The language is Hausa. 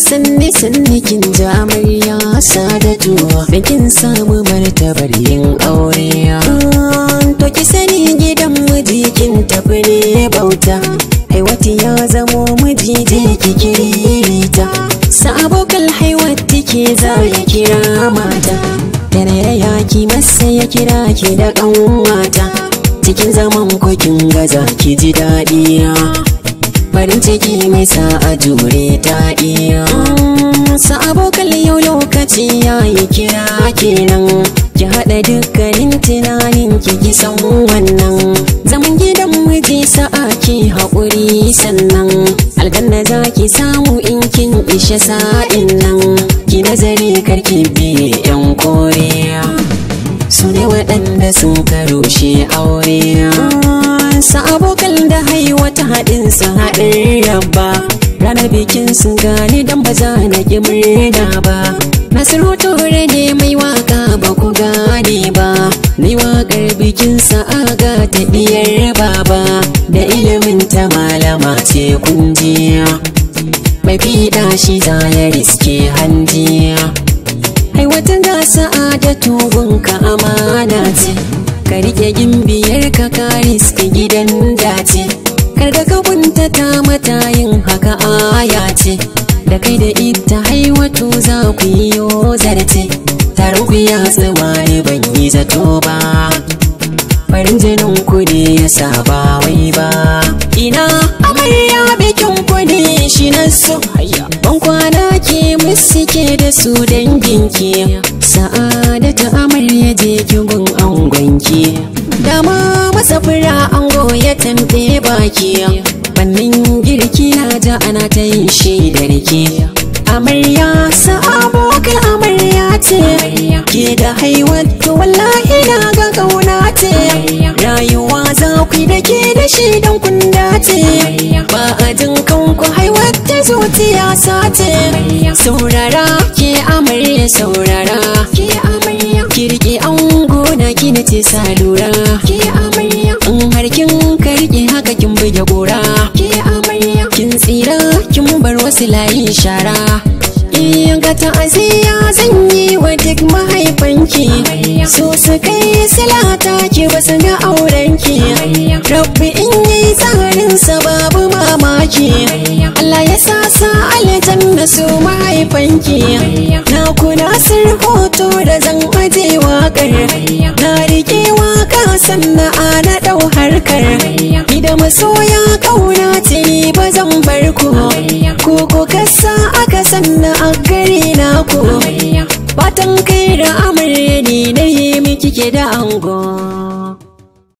san ni kin ja amarya sa da Bikin samu martabar yin aure ah, to ki sani gidan miji kin tafi ne bauta wata ya zamo miji da ki kirita sabo kal haiwar take za ya kira mata dare ya ki masa ya kira ki da mata cikin zaman kokin gaza ki ji daɗi farin ciki mai sa a jure ta iya mm, sa abokan yau lokaci ya yi kira kenan ki haɗa dukkanin tunanin ki ki san wannan zaman gidan miji sa'a ki haƙuri sannan aljanna za ki samu in kin ishe sa'in nan ki nazari karki bi yan koriya su ne waɗanda sun shi aure sa abokan da haiwata ta haɗin sa haɗin rabba ranar bikin sun gane dan ba za na ƙi murna ba nasiru ne mai waka ba ku gane ba ni waƙar bikin sa aga ta ɗiyar baba da ilimin ta malama ce kunjiya mai fiɗa shi za ya riske hanjiya ai wata gasa da ka amana ce da kai da ita haiwatu za ku yi zarce taron ku ya ne ban yi zato ba farin jinin ku ne ya saba wai ba ina amarya bikin ku ne shi na so ban kwana ke ke da su danginki sa'ada ta amarya je kigun angonki dama masa fura ango ya tambaye baki Sannan girki na ja ana ta yin shi da rike Amarya sa abokan amarya ce Ke da haiwar to wallahi na ga kauna ce Rayuwa za ku da ke da shi don kun dace Ba a jin kanku haiwar ta zuciya sace Saurara ke amarya saurara Kirki an gona ki na ce sa lura layi shara in gata aziya zan yi wa duk mahaifanki so su kai silata ki basu ga aurenki rabbi in yi tsarin sa babu mamaki Allah ya sa sa aljanna su mahaifanki na kuna sir hoto da zan aje waƙar na rike waka sannan a na ɗau harkar idan masoya ƙauna ce ba zan bar ku Koko kasa aka a gari na ko fatan kai da amarya ne na yi miki ke da ango